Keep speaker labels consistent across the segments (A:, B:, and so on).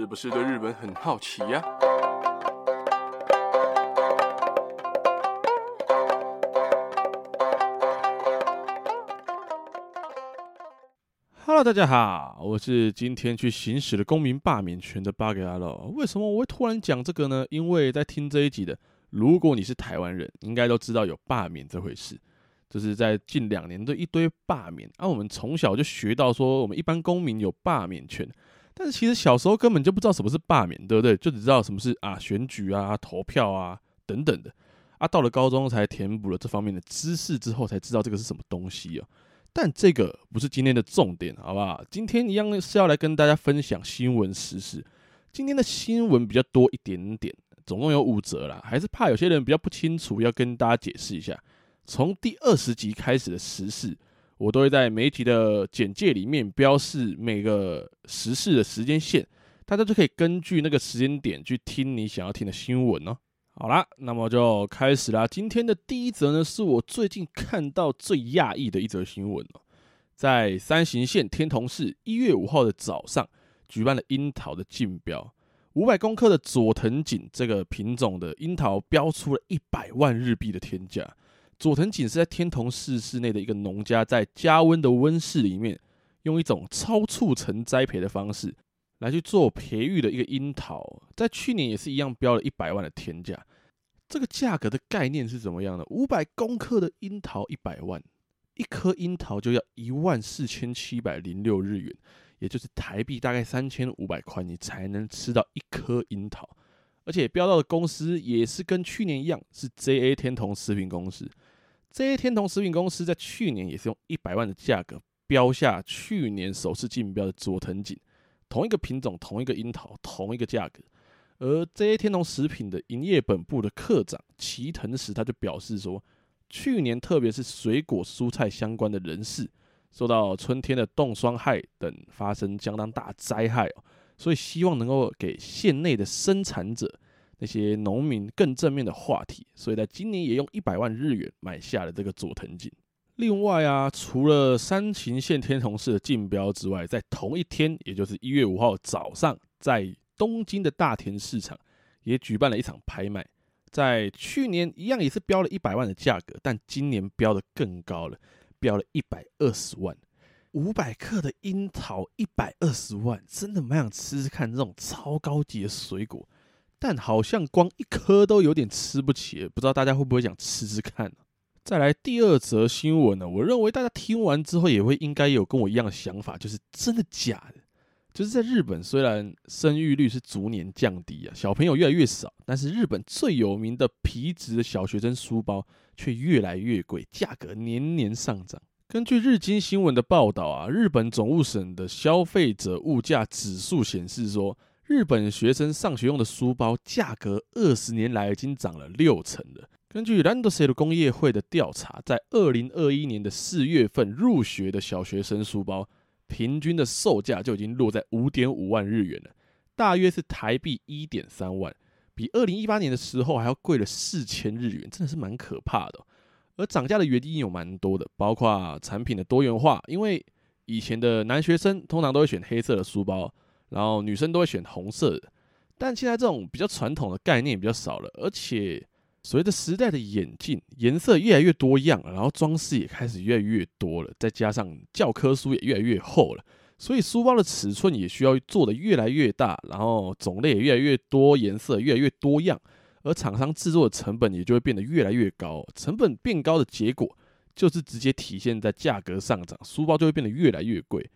A: 是不是對日本很好奇呀、啊、？Hello，大家好，我是今天去行使了公民罷免權的巴格阿洛。為什麼我會突然講這個呢？因為在聽這一集的，如果你是台灣人，應該都知道有罷免這回事，就是在近兩年的一堆罷免。而、啊、我們從小就學到說，我們一般公民有罷免權。但是其實小時候根本就不知道什麼是罷免，對不對？就只知道什麼是啊選舉啊投票啊等等的啊。到了高中才填補了這方面的知識之後，才知道這個是什麼東西啊、哦。但這個不是今天的重點，好不好？今天一樣是要來跟大家分享新聞時事。今天的新聞比較多一點點，總共有五則啦，還是怕有些人比較不清楚，要跟大家解釋一下。從第二十集開始的時事，我都會在每一集的簡介裡面標示每個時事的時間線，大家就可以根據那個時間點去聽你想要聽的新聞哦。好啦，那麼就開始啦。今天的第一則呢，是我最近看到最訝異的一則新聞、喔、在山形縣天童市一月五號的早上，舉辦了櫻桃的競標，五百公克的佐藤錦這個品種的櫻桃標出了一百萬日幣的天價。佐藤錦是在天童市市內的一個農家，在加溫的溫室裡面，用一種超促成栽培的方式來去做培育的一個櫻桃，在去年也是一樣標了一百萬的天價。這個價格的概念是怎麼樣的？五百公克的櫻桃一百萬，一顆櫻桃就要一萬四千七百零六日元，也就是台幣大概三千五百塊，你才能吃到一顆櫻桃。而且標到的公司也是跟去年一樣，是 J.A. 天童食品公司。這些天童食品公司在去年也是用一百萬的價格標下去年首次競標的佐藤錦，同一個品種、同一個櫻桃、同一個價格。而這些天童食品的營業本部的課長齊藤時他就表示說，去年特別是水果蔬菜相關的人士，受到春天的凍霜害等發生相當大災害哦，所以希望能夠給縣內的生產者，那些農民更正面的話題，所以在今年也用一百萬日元買下了這個佐藤錦。另外啊，除了山形縣天童市的競標之外，在同一天，也就是一月五號早上，在東京的大田市場也舉辦了一場拍賣。在去年一樣也是標了一百萬的價格，但今年標的更高了，標了一百二十萬，五百克的櫻桃一百二十萬，真的蠻想吃吃看這種超高級的水果。但好像光一顆都有點吃不起，不知道大家會不會想吃吃看啊，再來第二則新聞呢，我認為大家聽完之後也會應該有跟我一樣的想法，就是真的假的？就是在日本，雖然生育率是逐年降低啊，小朋友越來越少，但是日本最有名的皮質的小學生書包卻越來越貴，價格年年上漲。根據日經新聞的報道啊，日本總務省的消費者物價指數顯示說，日本學生上學用的書包價格，二十年來已經漲了六成了。根據ランドセル的工業會的調查，在二零二一年的四月份入學的小學生書包，平均的售價就已經落在五點五萬日元了，大約是台幣一點三萬，比二零一八年的時候還要貴了四千日元，真的是蠻可怕的喔。而漲價的原因有蠻多的，包括產品的多元化，因為以前的男學生通常都會選黑色的書包。然後女生都會選紅色的，但現在這種比較傳統的概念比較少了，而且隨着時代的演進，顏色越來越多樣，然後裝飾也開始越來越多了，再加上教科書也越來越厚了，所以書包的尺寸也需要做得越來越大，然後種類也越來越多，顏色越來越多樣，而廠商制作的成本也就會變得越來越高，成本變高的結果就是直接體現在價格上漲，書包就會變得越來越貴。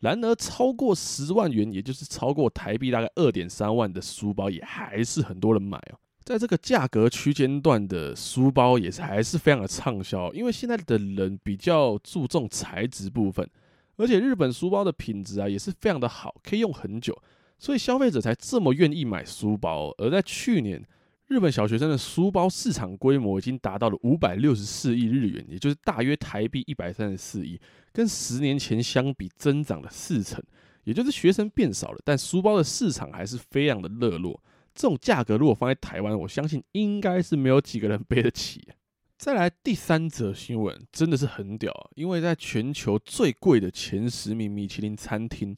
A: 然而，超過十萬元，也就是超過台幣大概二點三萬的書包，也還是很多人買哦。在這個價格區間段的書包，也是還是非常的暢銷，因為現在的人比較注重材質部分，而且日本書包的品質啊也是非常的好，可以用很久，所以消費者才這麼願意買書包哦，而在去年，日本小學生的書包市場規模已經達到了五百六十四億日元，也就是大約台幣一百三十四億，跟十年前相比增長了四成，也就是學生變少了，但書包的市場還是非常的熱絡。這種價格如果放在台灣，我相信應該是沒有幾個人背得起啊。再來第三則新聞，真的是很屌，因為在全球最貴的前十名米其林餐廳，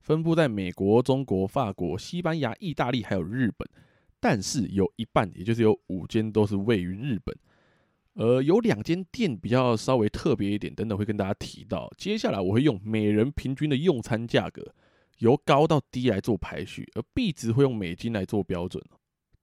A: 分布在美國、中國、法國、西班牙、意大利，還有日本。但是有一半，也就是有五間，都是位於日本。呃，有兩間店比較稍微特別一點，等等會跟大家提到。接下來我會用每人平均的用餐價格由高到低來做排序，而幣值會用美金來做標準哦。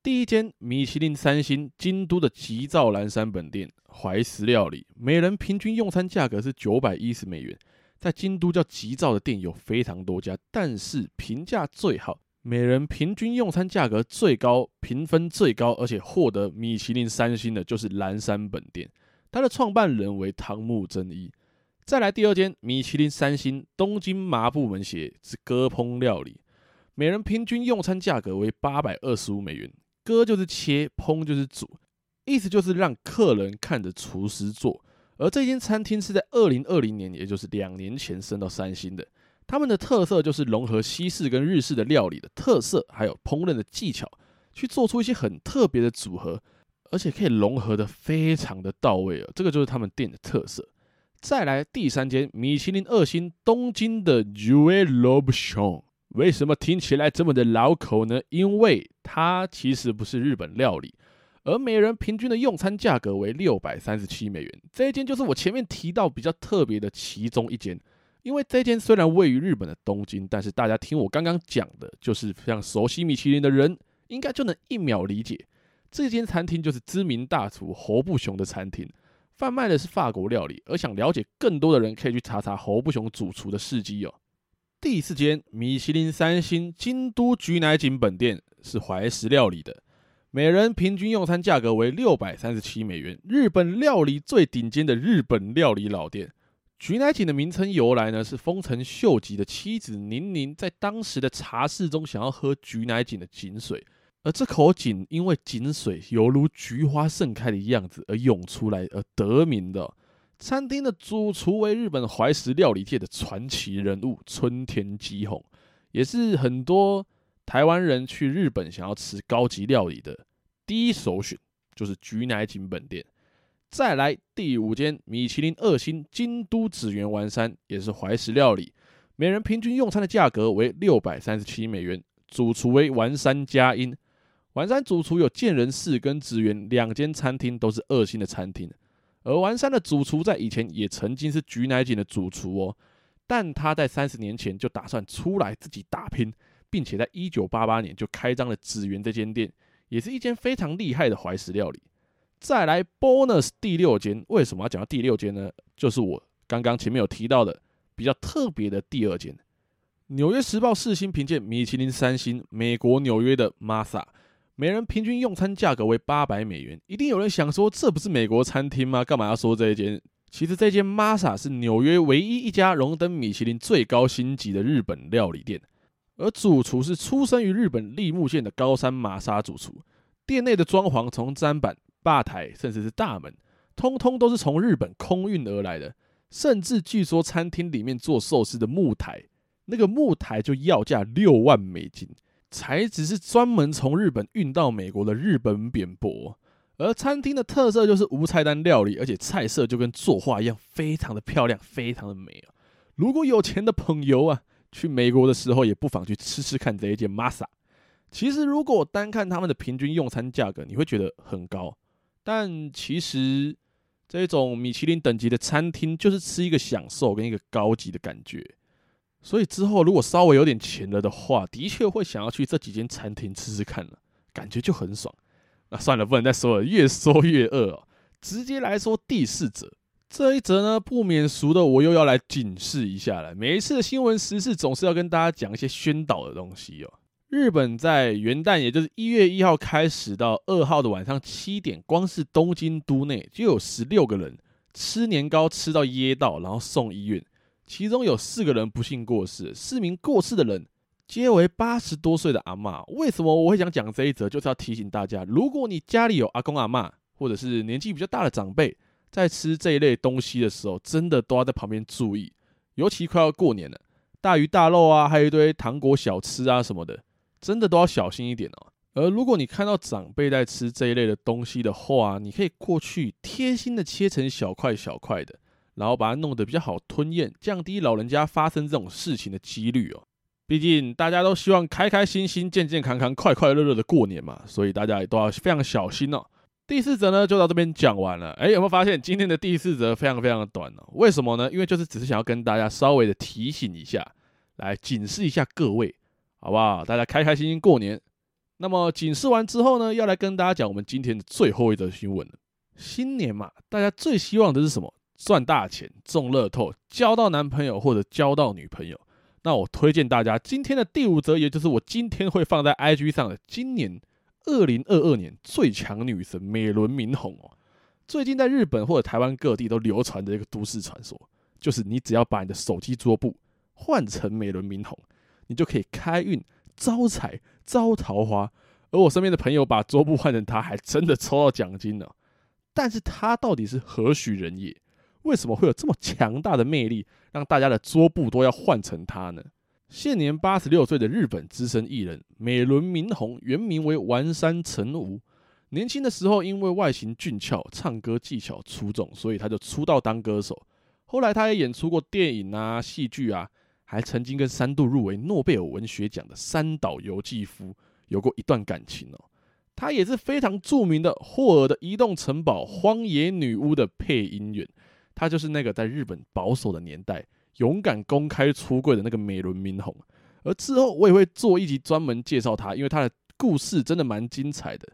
A: 第一間米其林三星京都的吉兆嵐山本店懷石料理，每人平均用餐價格是九百一十美元。在京都叫吉兆的店有非常多家，但是評價最好。每人平均用餐價格最高、評分最高，而且獲得米其林三星的，就是嵐山本店。它的創辦人為湯木貞一。再來第二間米其林三星東京麻布門脇是割烹料理，每人平均用餐價格為八百二十五美元。割就是切，烹就是煮，意思就是讓客人看着廚師做。而這間餐廳是在二零二零年，也就是兩年前升到三星的。他們的特色就是融合西式跟日式的料理的特色，還有烹飪的技巧，去做出一些很特別的組合，而且可以融合的非常的到位哦，這個就是他們店的特色。再來第三間米其林二星東京的 Joël Robuchon 為什麼聽起來這麼的老口呢？因為它其實不是日本料理，而每人平均的用餐價格為六百三十七美元。這一間就是我前面提到比較特別的其中一間。因為這間雖然位於日本的東京，但是大家聽我剛剛講的，就是非常熟悉米其林的人，應該就能一秒理解，這間餐廳就是知名大廚侯布雄的餐廳，販賣的是法國料理，而想了解更多的人可以去查查侯布雄主廚的事蹟哦。第四間米其林三星京都菊乃井本店是懷石料理的，每人平均用餐價格為六百三十七美元，日本料理最頂尖的日本料理老店。菊乃井的名稱由來呢，是豐臣秀吉的妻子寧寧在當時的茶室中想要喝菊乃井的井水，而這口井因為井水猶如菊花盛開的樣子而湧出來而得名的。餐廳的主廚為日本懷石料理界的傳奇人物村田吉弘，也是很多台灣人去日本想要吃高級料理的第一首選，就是菊乃井本店。再來第五間米其林二星京都祇園丸山，也是懷石料理，每人平均用餐的價格為六百三十七美元。主廚為丸山佳音。丸山主廚有建仁寺跟祇園兩間餐廳都是二星的餐廳，而丸山的主廚在以前也曾經是菊乃井的主廚哦，但他在三十年前就打算出來自己打拼，並且在一九八八年就開張了祇園這間店，也是一間非常厲害的懷石料理。再來，bonus 第六間，為什麼要講到第六間呢？就是我剛剛前面有提到的比較特別的第二間，《紐約時報》四星，評鑑米其林三星，美國紐約的 Masa，每人平均用餐價格為八百美元。一定有人想說，這不是美國餐廳嗎？幹嘛要說這一間？其實這間 Masa 是紐約唯一一家榮登米其林最高星級的日本料理店，而主廚是出生於日本栃木縣的高山瑪莎主廚。店內的裝潢從砧板，吧台甚至是大門，通通都是從日本空運而來的。甚至據說餐廳裡面做壽司的木台，那個木台就要價六萬美金，材質是專門從日本運到美國的日本扁柏。而餐廳的特色就是無菜單料理，而且菜色就跟作畫一樣，非常的漂亮，非常的美啊。如果有錢的朋友啊，去美國的時候也不妨去吃吃看這一間瑪莎。其實如果我單看他們的平均用餐價格，你會覺得很高。但其實，這種米其林等級的餐廳就是吃一個享受跟一個高級的感覺，所以之後如果稍微有點錢了的話，的確會想要去這幾間餐廳吃吃看了，啊，感覺就很爽。那算了，不能再說了，越說越餓哦。直接來說第四則，這一則呢，不免俗的，我又要來警示一下了。每一次的新聞時事總是要跟大家講一些宣導的東西哦。日本在元旦，也就是一月一號開始到二號的晚上七點，光是東京都內就有十六個人吃年糕吃到噎到，然後送醫院，其中有四個人不幸過世。四名過世的人皆為八十多歲的阿嬤。為什麼我會想講這一則？就是要提醒大家，如果你家裡有阿公阿嬤，或者是年紀比較大的長輩，在吃這一類東西的時候，真的都要在旁邊注意，尤其快要過年了，大魚大肉啊，還有一堆糖果小吃啊什麼的。真的都要小心一點哦。而如果你看到長輩在吃這一類的東西的話啊，你可以過去貼心的切成小塊小塊的，然後把它弄得比較好吞嚥，降低老人家發生這種事情的幾率哦。畢竟大家都希望開開心心、健健康康、快快樂樂的過年嘛，所以大家也都要非常小心哦。第四則呢，就到這邊講完了。哎、欸，有沒有發現今天的第四則非常非常的短呢、哦？為什麼呢？因為就是只是想要跟大家稍微的提醒一下，來警示一下各位。好不好？大家開開心心過年。那麼警示完之後呢，要來跟大家講我們今天的最後一則新聞了。新年嘛，大家最希望的是什麼？賺大錢、中樂透、交到男朋友或者交到女朋友。那我推薦大家今天的第五則，也就是我今天會放在 IG 上的，今年二零二二年最強女神美輪明宏哦。最近在日本或者台灣各地都流傳的一個都市傳說，就是你只要把你的手機桌布換成美輪明宏。你就可以開運、招財、招桃花。而我身邊的朋友把桌布換成他，還真的抽到獎金呢、哦。但是他到底是何許人也？為什麼會有這麼強大的魅力，讓大家的桌布都要換成他呢？現年八十六歲的日本資深藝人美輪明宏，原名為丸山成吾。年輕的時候因為外形俊俏、唱歌技巧出眾，所以他就出道當歌手。後來他也演出過電影啊、戲劇啊。還曾經跟三度入圍諾貝爾文學獎的三島由紀夫有過一段感情哦、喔。他也是非常著名的霍爾的《移動城堡》《荒野女巫》的配音員。他就是那個在日本保守的年代勇敢公開出櫃的那個美輪明宏。而之後我也會做一集專門介紹他，因為他的故事真的蠻精彩的，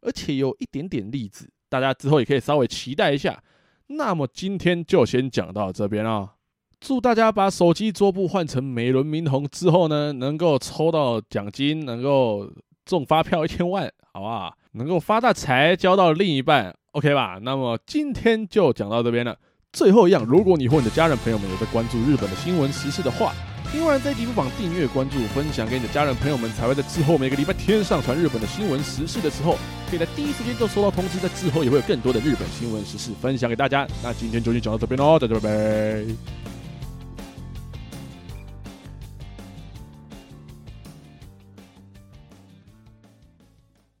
A: 而且有一點點例子，大家之後也可以稍微期待一下。那麼今天就先講到這邊啊。祝大家把手機桌布換成美輪明宏之後呢，能夠抽到獎金，能夠中發票一千萬，好不好？能夠發大財，交到另一半，OK 吧？那麼今天就講到這邊了。最後一樣，如果你或你的家人朋友們有在關注日本的新聞時事的話，另外在節目榜訂閱、關注、分享給你的家人朋友們，才會在之後每個禮拜天上傳日本的新聞時事的時候，可以在第一時間就收到通知。在之後也會有更多的日本新聞時事分享給大家。那今天就先講到這邊嘍，大家拜拜。